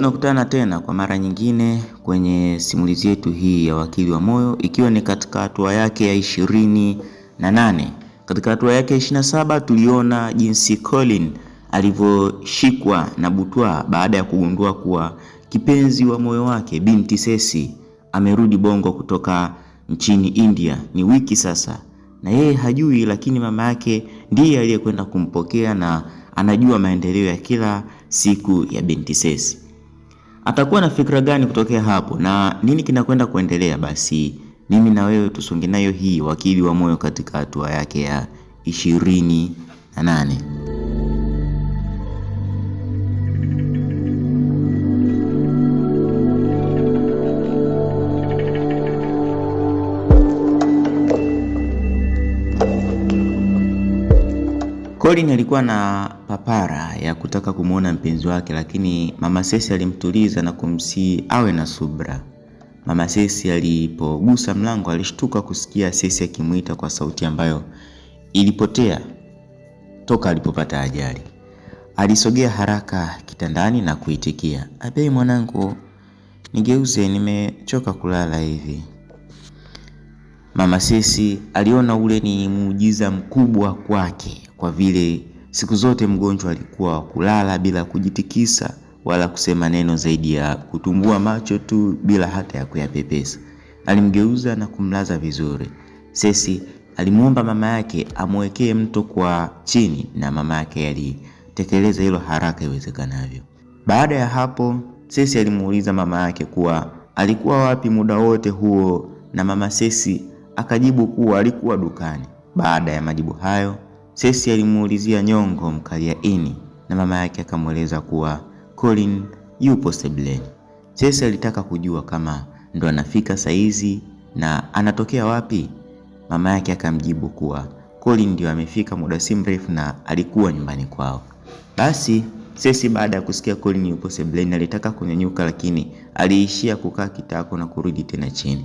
tunakutana tena kwa mara nyingine kwenye simulizi yetu hii ya Wakili wa Moyo, ikiwa ni katika hatua yake ya ishirini na nane. Katika hatua yake ya ishirini na saba tuliona jinsi Colin alivyoshikwa na butwa baada ya kugundua kuwa kipenzi wa moyo wake binti Sesi amerudi Bongo kutoka nchini India. Ni wiki sasa na yeye hajui, lakini mama yake ndiye aliyekwenda kumpokea na anajua maendeleo ya kila siku ya binti Sesi atakuwa na fikra gani kutokea hapo na nini kinakwenda kuendelea? Basi mimi na wewe tusonge nayo hii wakili wa moyo katika hatua yake ya ishirini na nane. Colin alikuwa na papara ya kutaka kumwona mpenzi wake, lakini mama Sesi alimtuliza na kumsihi awe na subra. Mama Sesi alipogusa mlango alishtuka kusikia Sesi akimwita kwa sauti ambayo ilipotea toka alipopata ajali. Alisogea haraka kitandani na kuitikia, abei mwanangu, nigeuze, nimechoka kulala hivi. Mama Sesi aliona ule ni muujiza mkubwa kwake, kwa vile Siku zote mgonjwa alikuwa kulala bila kujitikisa wala kusema neno zaidi ya kutumbua macho tu bila hata ya kuyapepesa. Alimgeuza na kumlaza vizuri. Sesi alimwomba mama yake amwekee mto kwa chini na mama yake alitekeleza hilo haraka iwezekanavyo. Baada ya hapo, Sesi alimuuliza mama yake kuwa alikuwa wapi muda wote huo na mama Sesi akajibu kuwa alikuwa dukani. Baada ya majibu hayo Sesi alimuulizia Nyongo mkalia ini na mama yake akamweleza kuwa Colin yupo sebleni. Sesi alitaka kujua kama ndo anafika saizi na anatokea wapi. Mama yake akamjibu kuwa Colin ndio amefika muda si mrefu na alikuwa nyumbani kwao. Basi Sesi baada ya kusikia Colin yupo sebleni alitaka kunyanyuka, lakini aliishia kukaa kitako na kurudi tena chini.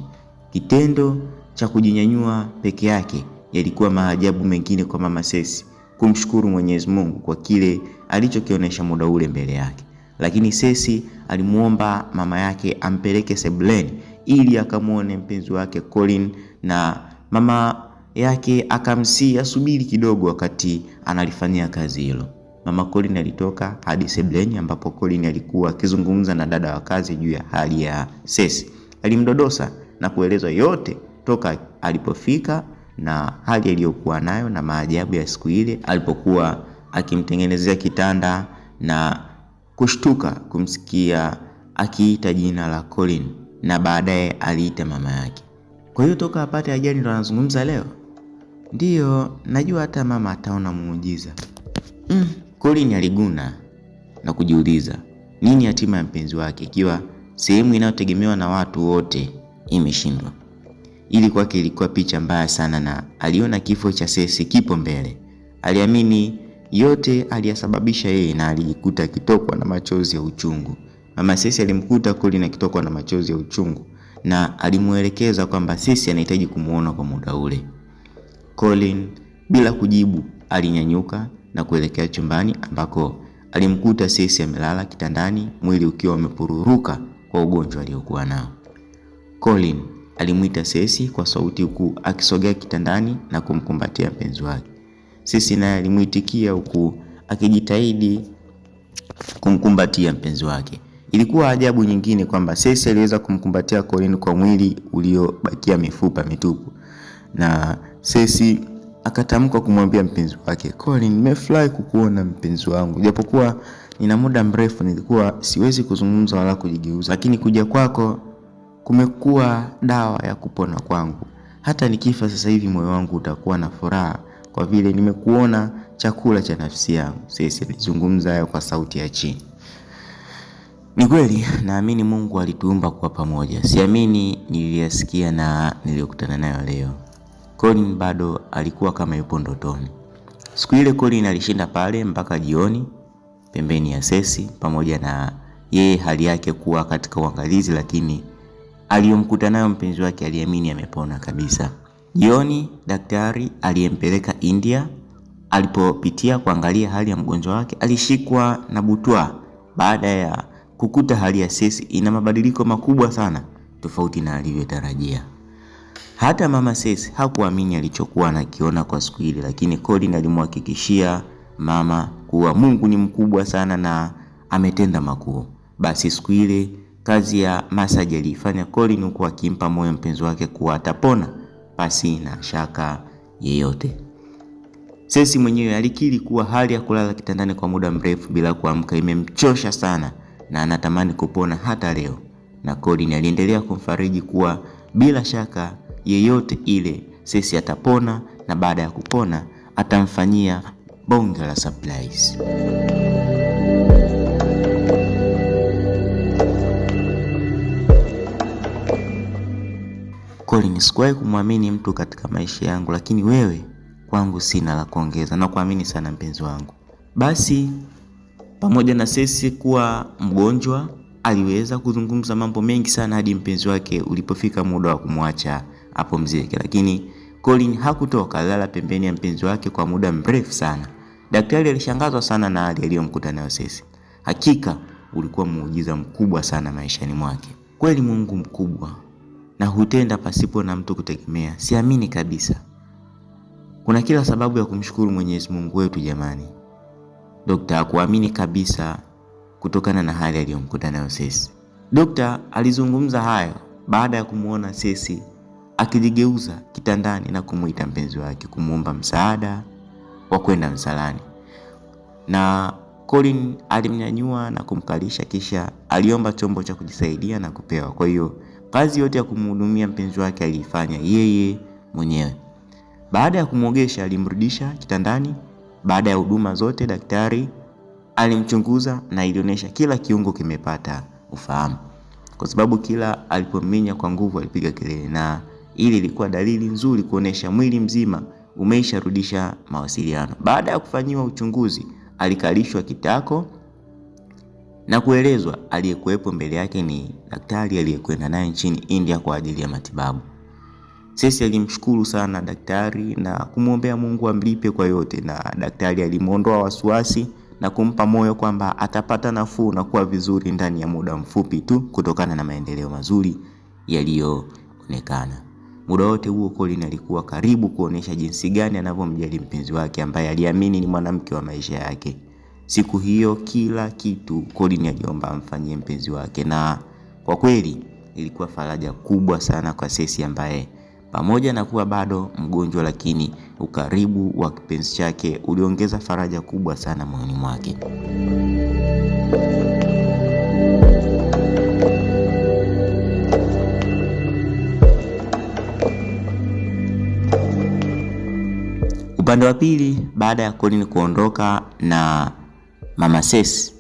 Kitendo cha kujinyanyua peke yake yalikuwa maajabu mengine kwa mama Sesi kumshukuru Mwenyezi Mungu kwa kile alichokionyesha muda ule mbele yake. Lakini Sesi alimuomba mama yake ampeleke sebuleni ili akamwone mpenzi wake Colin, na mama yake akamsii asubiri kidogo wakati analifanyia kazi hilo. Mama Colin alitoka hadi sebuleni ambapo Colin alikuwa akizungumza na dada wa kazi juu ya hali ya Sesi. Alimdodosa na kueleza yote toka alipofika na hali aliyokuwa nayo na maajabu ya siku ile alipokuwa akimtengenezea kitanda na kushtuka kumsikia akiita jina la Colin na baadaye aliita mama yake. Kwa hiyo toka apate ajali ndo anazungumza leo? Ndiyo, najua hata mama ataona muujiza. Mm, Colin aliguna na kujiuliza nini hatima ya mpenzi wake ikiwa sehemu inayotegemewa na watu wote imeshindwa. Ili kwake ilikuwa picha mbaya sana, na aliona kifo cha Cecy kipo mbele. Aliamini yote aliyasababisha yeye na alijikuta akitokwa na machozi ya uchungu. Mama Cecy alimkuta kweli na kitokwa na machozi ya uchungu na alimuelekeza kwamba Cecy anahitaji kumuona kwa muda ule. Colin bila kujibu alinyanyuka na kuelekea chumbani ambako alimkuta Cecy amelala kitandani, mwili ukiwa umepururuka kwa ugonjwa aliokuwa nao. Colin alimwita Sesi kwa sauti huku akisogea kitandani na kumkumbatia mpenzi wake. Sesi naye alimwitikia huku akijitahidi kumkumbatia mpenzi wake. Ilikuwa ajabu nyingine kwamba Sesi aliweza kumkumbatia Colin kwa mwili uliobakia mifupa mitupu, na Sesi akatamka kumwambia mpenzi wake, Colin, nimefurahi kukuona mpenzi wangu, japokuwa nina muda mrefu nilikuwa siwezi kuzungumza wala kujigeuza, lakini kuja kwako kumekuwa dawa ya kupona kwangu. Hata nikifa sasa hivi moyo wangu utakuwa na furaha kwa vile nimekuona chakula cha nafsi yangu. Sisi nizungumza hayo kwa sauti ya chini. Ni kweli naamini Mungu alituumba kwa pamoja, siamini niliyasikia na niliyokutana nayo leo. Colin bado alikuwa kama yupo ndotoni. Siku ile Colin alishinda pale mpaka jioni pembeni ya Sesi, pamoja na yeye hali yake kuwa katika uangalizi, lakini aliyomkuta nayo mpenzi wake aliamini amepona kabisa. Jioni daktari aliyempeleka India alipopitia kuangalia hali ya mgonjwa wake alishikwa na butwa baada ya kukuta hali ya Cecy ina mabadiliko makubwa sana tofauti na alivyotarajia. Hata mama Cecy hakuamini alichokuwa anakiona kwa siku ile, lakini Colin alimhakikishia mama kuwa Mungu ni mkubwa sana na ametenda makuu. Basi siku ile kazi ya massage aliifanya Colin huku akimpa moyo mpenzi wake kuwa atapona pasi na shaka yeyote. sesi mwenyewe alikiri kuwa hali ya kulala kitandani kwa muda mrefu bila kuamka imemchosha sana na anatamani kupona hata leo, na Colin aliendelea kumfariji kuwa bila shaka yeyote ile sesi atapona na baada ya kupona atamfanyia bonge la surprise. kweli ni sikuwahi kumwamini mtu katika maisha yangu, lakini wewe kwangu sina la kuongeza na kuamini sana mpenzi wangu. Basi pamoja na sisi kuwa mgonjwa, aliweza kuzungumza mambo mengi sana hadi mpenzi wake ulipofika muda wa kumwacha apumzike, lakini Colin hakutoka, alilala pembeni ya mpenzi wake kwa muda mrefu sana. Daktari alishangazwa sana na hali aliyomkuta nayo Cecy. Hakika ulikuwa muujiza mkubwa sana maishani mwake, kweli Mungu mkubwa na hutenda pasipo na mtu kutegemea. Siamini kabisa. Kuna kila sababu ya kumshukuru Mwenyezi Mungu wetu jamani. Dokta hakuamini kabisa kutokana na hali aliyomkuta nayo Cecy. Dokta alizungumza hayo baada ya kumwona Cecy akijigeuza kitandani na kumuita mpenzi wake kumwomba msaada wa kwenda msalani, na Colin alimnyanyua na kumkalisha, kisha aliomba chombo cha kujisaidia na kupewa. Kwa hiyo Kazi yote ya kumhudumia mpenzi wake aliifanya yeye mwenyewe. Baada ya kumwogesha, alimrudisha kitandani. Baada ya huduma zote, daktari alimchunguza na ilionyesha kila kiungo kimepata ufahamu, kwa sababu kila alipominya kwa nguvu alipiga kelele, na ili ilikuwa dalili nzuri kuonesha mwili mzima umeisharudisha mawasiliano. Baada ya kufanyiwa uchunguzi, alikalishwa kitako na kuelezwa aliyekuwepo mbele yake ni daktari aliyekwenda naye nchini India kwa ajili ya matibabu. Sisi alimshukuru sana daktari na kumwombea Mungu amlipe kwa yote, na daktari alimwondoa wasiwasi na kumpa moyo kwamba atapata nafuu na kuwa vizuri ndani ya muda mfupi tu kutokana na maendeleo mazuri yaliyoonekana. Muda wote huo Colin alikuwa karibu kuonesha jinsi gani anavyomjali mpenzi wake ambaye aliamini ni mwanamke wa maisha yake. Siku hiyo kila kitu Colin aliomba amfanyie mpenzi wake, na kwa kweli ilikuwa faraja kubwa sana kwa Cecy ambaye pamoja na kuwa bado mgonjwa, lakini ukaribu wa kipenzi chake uliongeza faraja kubwa sana moyoni mwake. Upande wa pili, baada ya Colin kuondoka na Mama Ses.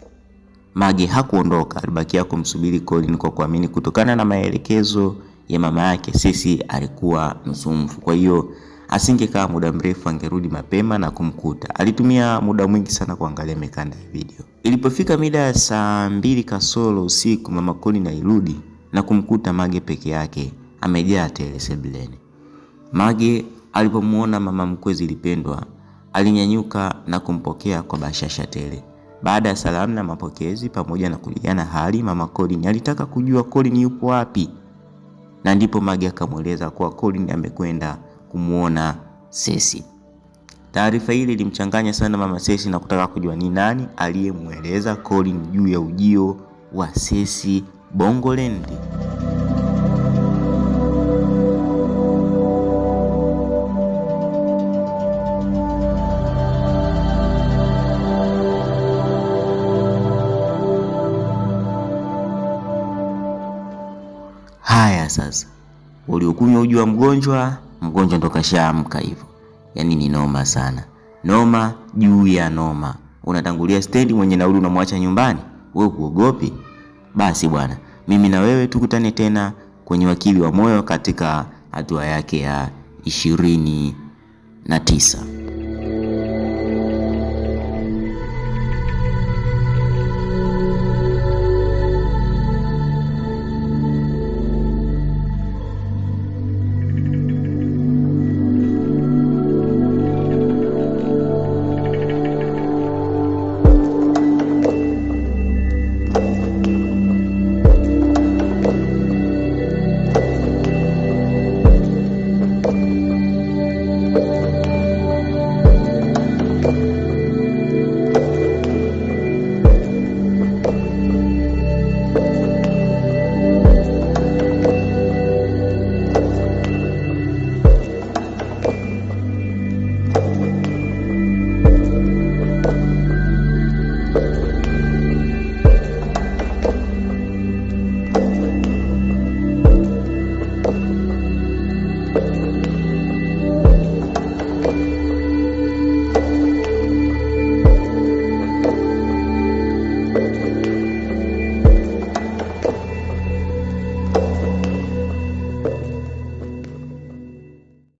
Mage hakuondoka, alibakia kumsubiri Colin kwa kuamini kutokana na maelekezo ya mama yake Sesi alikuwa msumvu Kwa hiyo asingekaa muda mrefu, angerudi mapema na kumkuta. Alitumia muda mwingi sana kuangalia mikanda ya video. Ilipofika mida ya saa mbili kasoro usiku, mama Colin alirudi na kumkuta Mage peke yake amejaa tele sebuleni. Mage alipomuona mama mkwe Zilipendwa alinyanyuka na kumpokea kwa bashasha tele. Baada ya salamu na mapokezi pamoja na kujuliana hali, mama Colin alitaka kujua Colin yupo wapi, na ndipo magi akamweleza kuwa Colin amekwenda kumwona sesi Taarifa hili ilimchanganya sana mama sesi na kutaka kujua ni nani aliyemweleza Colin juu ya ujio wa sesi bongolendi kunywa uji wa mgonjwa, mgonjwa ndo kashaamka hivyo. Yaani ni noma sana, noma juu ya noma. Unatangulia stendi, mwenye nauli unamwacha nyumbani, wewe kuogopi? Basi bwana, mimi na wewe tukutane tena kwenye Wakili wa Moyo katika hatua yake ya ishirini na tisa.